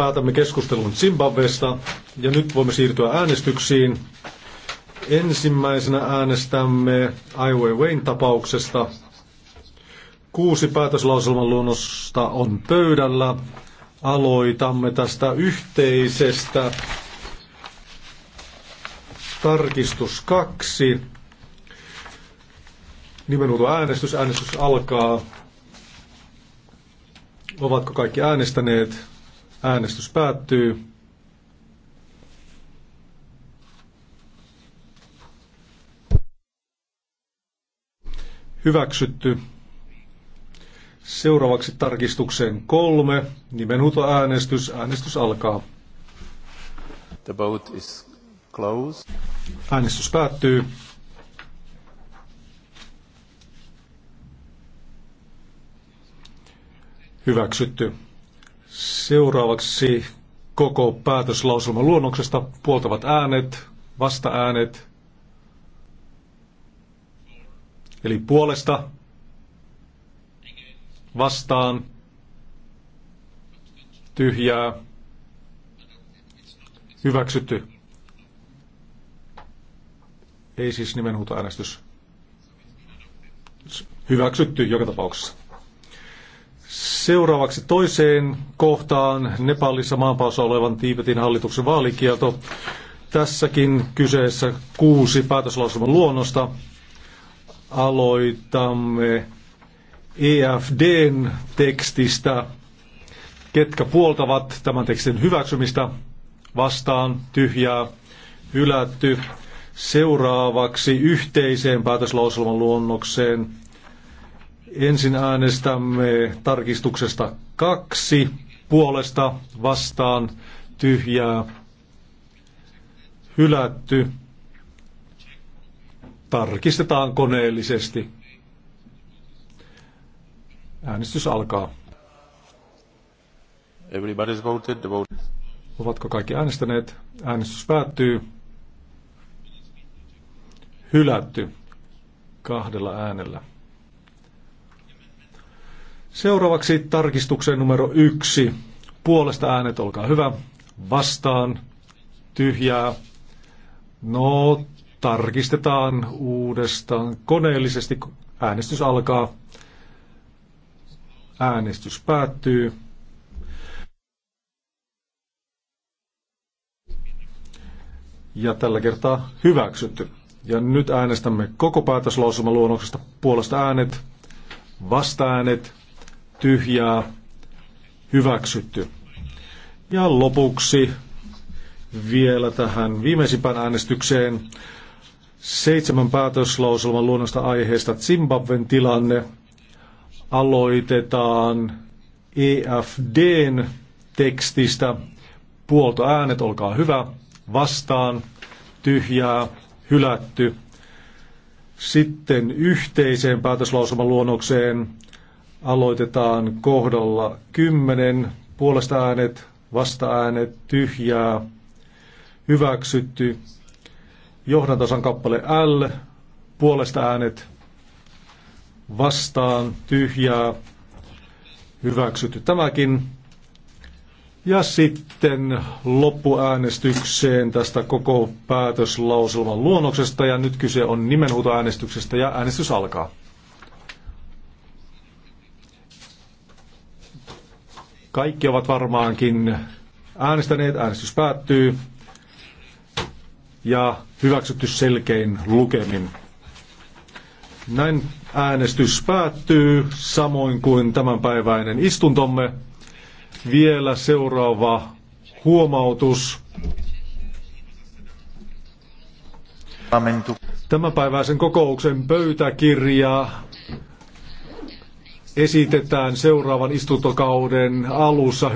päätämme keskustelun Zimbabwesta ja nyt voimme siirtyä äänestyksiin. Ensimmäisenä äänestämme Ai Weiwein tapauksesta. Kuusi päätöslauselman luonnosta on pöydällä. Aloitamme tästä yhteisestä. Tarkistus kaksi. Nimenhuuto äänestys. Äänestys alkaa. Ovatko kaikki äänestäneet? Äänestys päättyy. Hyväksytty. Seuraavaksi tarkistukseen kolme. Nimenhuuto äänestys. Äänestys alkaa. The boat is closed. Äänestys päättyy. Hyväksytty. Seuraavaksi koko päätöslauselman luonnoksesta puoltavat äänet, vasta-äänet, eli puolesta, vastaan, tyhjää, hyväksytty. Ei siis nimenhuutoäänestys. Hyväksytty joka tapauksessa. Seuraavaksi toiseen kohtaan Nepalissa maanpaossa olevan Tiibetin hallituksen vaalikielto. Tässäkin kyseessä kuusi päätöslauselman luonnosta. Aloitamme EFDn tekstistä. Ketkä puoltavat tämän tekstin hyväksymistä? Vastaan, tyhjää, hylätty. Seuraavaksi yhteiseen päätöslauselman luonnokseen Ensin äänestämme tarkistuksesta kaksi puolesta vastaan tyhjää hylätty. Tarkistetaan koneellisesti. Äänestys alkaa. Everybody's voted, the vote. Ovatko kaikki äänestäneet? Äänestys päättyy. Hylätty kahdella äänellä. Seuraavaksi tarkistukseen numero yksi. Puolesta äänet, olkaa hyvä. Vastaan, tyhjää. No, tarkistetaan uudestaan koneellisesti. Äänestys alkaa. Äänestys päättyy. Ja tällä kertaa hyväksytty. Ja nyt äänestämme koko päätöslausumaluonnoksesta puolesta äänet, vasta äänet, tyhjää hyväksytty. Ja lopuksi vielä tähän viimeisimpään äänestykseen. Seitsemän päätöslauselman luonnosta aiheesta Zimbabwen tilanne aloitetaan EFDn tekstistä. Puolto äänet, olkaa hyvä. Vastaan, tyhjää, hylätty. Sitten yhteiseen päätöslauselman luonnokseen Aloitetaan kohdalla 10. Puolesta äänet, vasta äänet, tyhjää, hyväksytty. Johdantosan kappale L. Puolesta äänet, vastaan, tyhjää, hyväksytty tämäkin. Ja sitten loppuäänestykseen tästä koko päätöslauselman luonnoksesta ja nyt kyse on nimenhuutoäänestyksestä ja äänestys alkaa. Kaikki ovat varmaankin äänestäneet, äänestys päättyy ja hyväksytty selkein lukemin. Näin äänestys päättyy, samoin kuin tämänpäiväinen istuntomme. Vielä seuraava huomautus. Tämänpäiväisen kokouksen pöytäkirja esitetään seuraavan istuntokauden alussa